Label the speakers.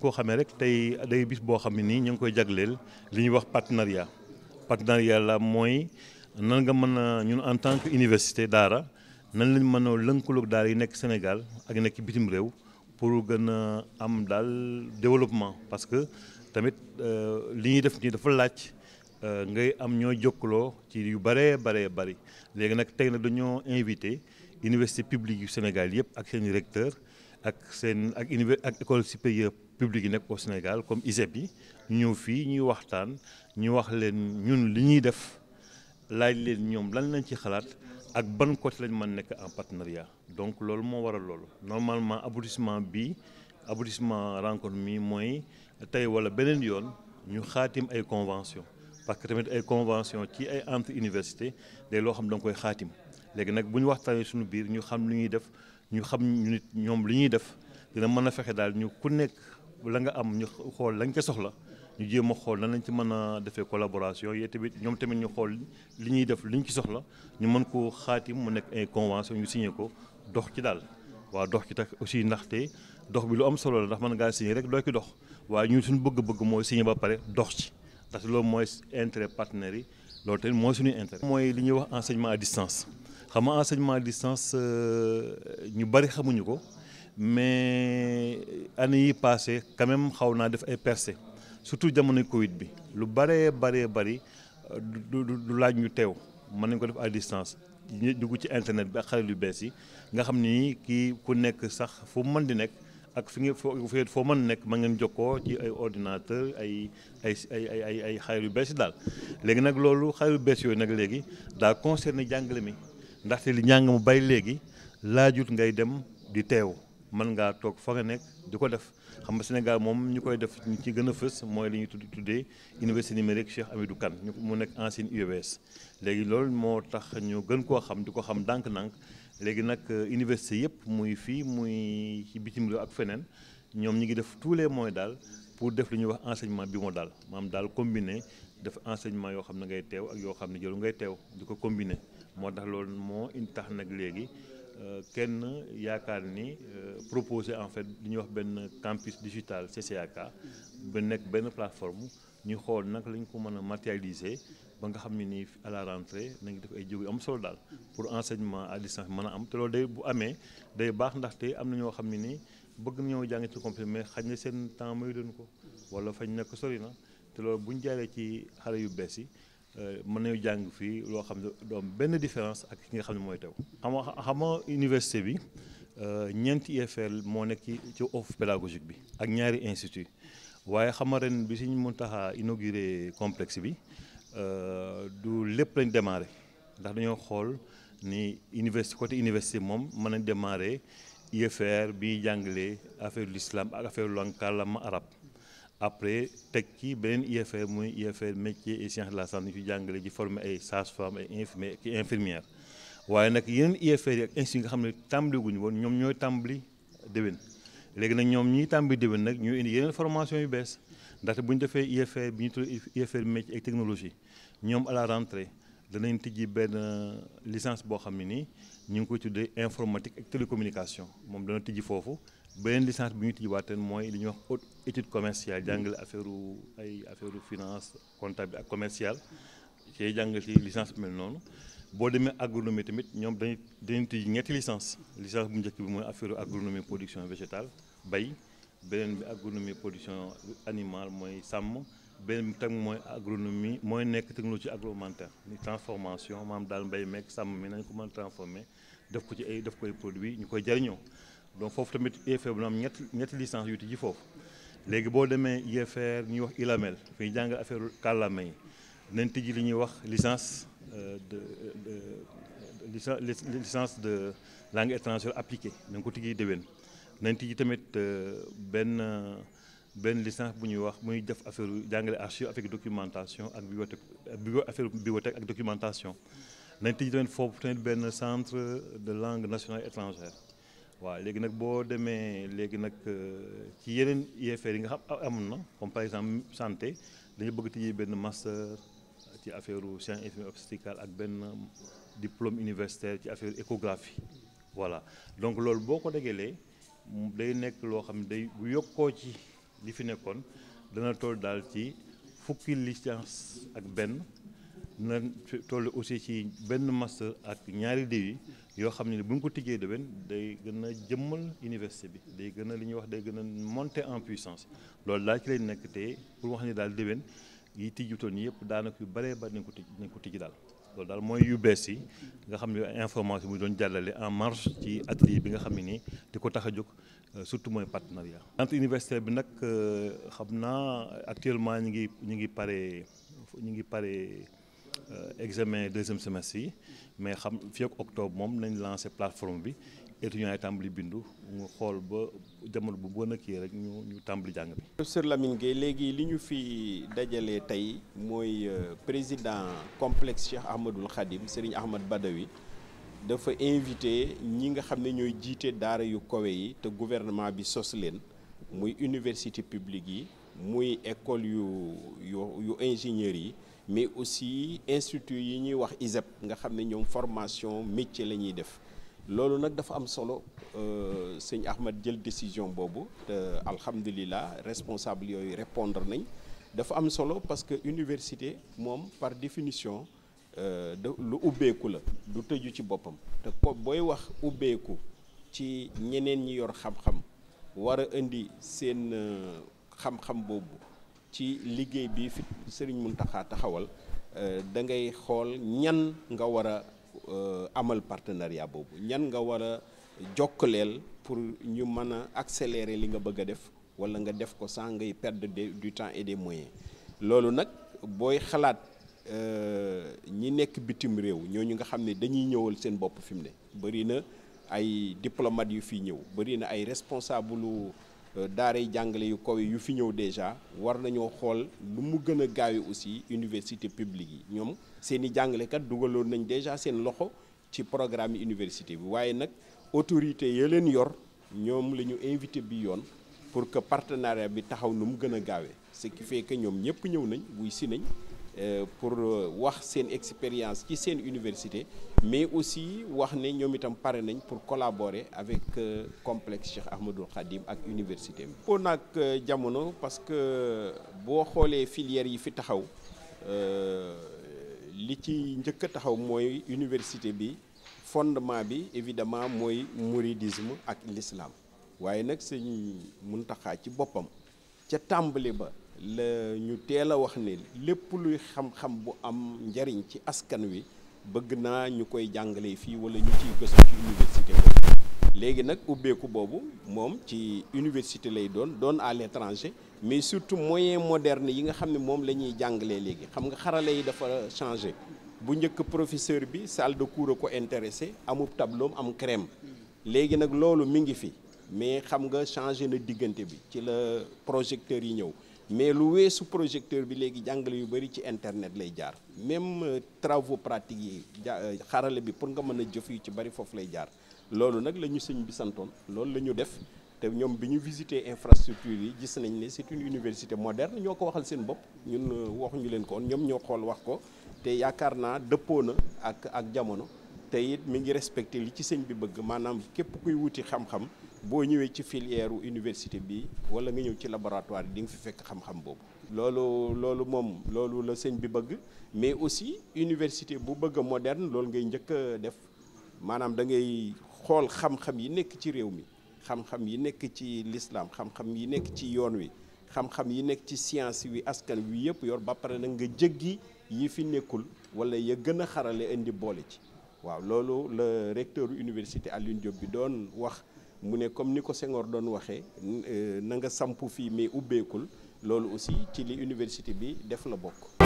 Speaker 1: koo xamee rek tey day bis boo xam ne nii ñu ngi koy jagleel li ñuy wax partenariat partenariat la mooy nan nga mën a ñun en tant que université daara nan lañ mën a lënkaloog daara yi nekk Sénégal ak nekk bitim réew pour gën a am daal développement parce que tamit euh, li ñuy def nii dafa laaj euh, ngay am ñoo jokkaloo ci yu bëree bare bari léegi nag tey nag dañoo invité université publique yu Sénégal yëpp ak seen recteur ak seen ak univers ak école supérieure publique yi nekk au Sénégal comme ISEP yi ñëw fii ñuy waxtaan ñu wax leen ñun li ñuy def laaj leen ñoom lan lañ ci xalaat ak ban côté lañ mën nekk en partenariat donc loolu moo waral loolu normalement aboutissement bi aboutissement rencontre mi mooy tey wala beneen yoon ñu xaatim ay convention parce que tamit ay convention ci ay entre université day loo xam da koy xaatim léegi nag bu ñu waxtaanee suñu biir ñu xam lu ñuy def ñu xam ñu nit ñoom li ñuy def dina mën a fexe daal ñu ku nekk la nga am ñu xool lañ ko soxla ñu jéem a xool nan lañ ci mën a defee collaboration yee tamit ñoom tamit ñu xool li ñuy def li ñu ci soxla ñu mën ko xaati mu nekk ay convention ñu signé ko dox ci daal waaw dox ci tax aussi ndaxte dox bi lu am solo la ndax mën ngaa signé rek doo ci dox waaye ñun suñu bëgg-bëgg mooy signé ba pare dox ci ndaxte loolu mooy intérêt partenaires yi loolu tamit mooy suñu intérêt mooy li ñuy wax enseignement à distance xam nga enseignement à distance euh, ñu bari xamuñu ko mais année yi passé quand xaw naa def ay percées surtout jamono Covid bi lu baree baree bari du du laaj ñu teew mën nañ ko def à distance ñu dugg ci internet bi ak xale yu bees yi nga xam ni kii ku nekk sax fu mën di nekk ak fi nga foo foo mën nekk ma ngeen jokkoo ci ay ordinateur ay ay ay ay ay xale yu bees yi daal léegi nag loolu xale yu bees yooyu nag léegi daa concerné jàngale mi. ndaxte li njàng mu bay léegi laajut ngay dem di teew mën ngaa toog fa nga nekk di ko def xam nga Sénégal moom ñu koy def ñu ci gën a fës mooy li ñuy tudd tuddee université numérique Cheikh Amidou Kane ñu mu nekk ancienne UVS e léegi lool moo tax ñu gën koo xam di ko xam ndànk-ndànk léegi nag euh, université yëpp muy fii muy ci bitim réew ak feneen ñoom ñi ngi def tous les moyens daal pour def lu ñuy wax enseignement bi moo daal maam daal combiné def enseignement yoo xam ne ngay teew ak yoo xam ne jëlu ngay teew di ko combiné moo tax loolu moo indi tax nag léegi euh, kenn yaakaar ni euh, proposé en fait li ñuy wax benn campus digital CCAK ba nekk benn plateforme ñu xool nag lañ ko mën a matérialiser ba nga xam ne nii à la na ngi def ay jóg yu am solo daal pour enseignement à distance mën a am te loolu bu amee day baax ndaxte am na ñoo xam ne nii bëgg ñëw jàng ci comprimé mais xañ na seen temps may doon ko wala fañ nekk sori na te loolu bu ñu jaaree ci xale yu bees yi euh, mën nañu jàng fii loo xam ne doom benn différence ak ki nga xam ne mooy tew xam xama université bi euh, ñeenti IFL moo nekk ci ci offre bi ak ñaari institut waaye xama ren bi suñ mën taxaa inauguré complexe bi euh, du lépp lañ démarré ndax dañoo xool ni université côté université moom mën a démarré UFR bi ñuy jàngalee affaire l'islam ak affaire langue arab après teg ci beneen UFR mooy UFR métier et sciences de la santé ñu fi jàngale ji former ay sages-femmes ay infirmiers ki infirmières waaye nag yeneen UFR yi ak institut yi nga xam ne tàmbaliguñu woon ñoom ñooy tàmbali déwén léegi nag ñoom ñiy tàmbali déwén nag ñu indi yeneen formation yu bees ndaxte buñ defee UFR bi ñu tudd UFR métier et technologie ñoom à la rentrée danañ tijji benn licence boo xam ne nii ñu ngi koy tuddee informatique ak télécommunication moom dana tijji foofu beneen licence bu ñu tijjiwaateen mooy li ñuy wax haute étude commerciale jàngale affaire ay affaire finance comptable ak commercial cee jàngal ci licence bi mel noonu boo demee agronomie tamit ñoom dañuy dañuy tijji ñetti licence licence bu njëkk bi mooy affaire agronomie production végétale bay beneen bi agronomie production animale mooy sàmm benn tam mooy agronomie mooy nekk technologie agroalimentaire ni transformation maam daal mbay meeg sàmm mi nañ ko mën a transformer def ko ci ay def koy produit ñu koy jariñoo donc foofu tamit UFR bu am ñetti ñetti licence yu foofu léegi boo demee ñuy wax ilamel fiy jàng affaire kàllaama yi dinañ li ñuy wax licence euh, de de licence de langue étrangère appliquée nañ ko tijji déwén nañ tijji tamit euh, benn benn licence bu ñuy wax muy def affaire jàngale archive avec documentation ak bibliothèque bio affaire bibliothèque ak documentation nañ tëj tamit foofu tamit benn centre de langue nationale étrangère waa léegi nag boo demee léegi nag euh, ci yeneen UFR yi nga xam amoon na comme par exemple santé dañu bëgg tijjee benn master ci affaire science infirmière obstétricale ak benn diplôme universitaire ci affaire échographie voilà donc loolu boo ko dégelee day nekk loo xam ne day bu yokkoo ci li fi nekkoon dana toll daal ci fukki licence ak benn toll aussi ci benn master ak ñaari dewi yoo xam ne bu ñu ko tijjee déwén day gën a jëmmal université bi day gën a li ñu wax day gën a monter en puissance loolu daal ci lañ nekk te pour wax ni daal déwén yi tijjutoon yëpp daanaka yu bare bëri nañ ko tij nañ ko tijji daal loolu daal mooy yu bees yi nga xam ne information bi doon jàllale en marche ci atelier bi nga xam ne nii di ko tax a jóg Euh, surtout mooy partenariat. entre universitaire bi nag euh, xam naa actuellement ñu ngi ñu ngi pare ñu ngi pare euh, examen deuxième semestre yi mais xam fii ak octobre moom nañ lancé plateforme bi étudiants yi tàmbali bindu mu xool ba jamono bu gën a kii rek ñu ñu tàmbali jàng bi.
Speaker 2: professeur Lamine Gueye léegi li ñu fi dajalee tey mooy président complexe Cheikh Ahmadoul Khadim Serigne Ahmad Badawi. dafa invité ñi nga xam ne ñooy jiite daara yu kawe yi te gouvernement bi sos leen muy université publique yi muy école yu yu yu yi mais aussi institut yi ñuy wax ISEP nga xam ne ñoom formation métier la ñuy def loolu nag dafa am solo euh, sëñ Ahmad jël décision boobu te alhamdulilah responsable yooyu répondre nañ dafa am solo parce que université moom par définition Euh, lu ubbeeku la du tëju ci boppam te ko booy wax ubbeeku ci ñeneen ñi yor xam-xam war a indi seen euh, xam-xam boobu ci liggéey bi fi sëriñ Muntaxa taxawal euh, da ngay xool ñan nga war a amal partenariat boobu ñan nga war a jokkaleel pour ñu mën a accélérer li nga bëgg a def wala nga def ko sans ngay perdre du temps et des moyens loolu nag booy xalaat Euh, ñi nekk bitim réew ñooñu nga xam ne dañuy ñëwal seen bopp fi mu ne bëri na ay diplomate yu fi ñëw bëri na ay responsable euh, daaray jàngale yu kaw yu fi ñëw déjà war nañoo xool lu mu gën a gaawe aussi université publique yi ñoom seen i jàngalekat dugaloon nañ déjà seen loxo ci programme université bi waaye nag autorité ya leen yor ñoom la ñu invité bi yoon pour que partenariat bi taxaw nu mu gën a gaawee ce qui fait ñoom ñëpp ñëw nañ wuy si nañ Euh, pour euh, wax seen expérience ci seen université mais aussi wax ne ñoom itam pare nañ pour collaborer avec euh, complexe Cheikh Ahmadoul Khadim ak université bi. pour nag jamono parce que boo xoolee filière yi fi taxaw li ci njëkk a taxaw mooy université bi fondement bi évidement mooy mouridisme ak l'islam waaye nag mun Muntaxa ci boppam ca tàmbali ba. la ñu teel a wax ni lépp luy xam-xam bu am njariñ ci askan wi bëgg naa ñu koy jàngale fii wala ñu ciy gëstu ci université léegi nag ubbeeku boobu moom ci université lay doon doon à l'étranger mais surtout moyen moderne yi nga xam ne moom la ñuy jàngalee léegi xam nga xarala yi dafa changé bu njëkk professeur bi salle de cours a ko intéressé amub tableau am crème léegi nag loolu mi ngi fi mais xam nga changé na diggante bi ci la projecteurs yi ñëw mais lu weesu projecteur bi léegi jàngale yu bëri ci internet lay jaar même euh, travaux pratique yi euh, xarale bi pour nga mën a jëf yu ci bari foofu lay jaar loolu nag la ñu sëñ bi santoon loolu la ñu def te ñoom bi ñu visité infrastructure yi gis nañ ne c'est une université moderne ñoo ko waxal seen bopp ñun euh, waxuñu leen ko woon ñoom ñoo xool wax ko te yaakaar naa dëppoo na ak ak jamono te it mi ngi respecté li ci sëñ bi bëgg maanaam képp kuy wuti xam-xam boo ñëwee ci filière université bi wala nga ñëw ci laboratoire bi di nga fi fekk xam-xam boobu. loolu loolu moom loolu la sëñ bi bëgg mais aussi université bu bëgg a moderne loolu ngay njëkk def maanaam da ngay xool xam-xam yi nekk ci réew mi xam-xam yi nekk ci lislaam xam-xam yi nekk ci yoon wi xam-xam yi nekk ci science wi askan wi yëpp yor ba pare nag nga jéggi yi fi nekkul wala ya gën a xarale indi boole ci waaw loolu la recteur université Alioune bi doon wax. mu ne comme ni ko Senghor doon waxee euh, na nga samp fii mais ubbeekul loolu aussi ci li université bi def la bokk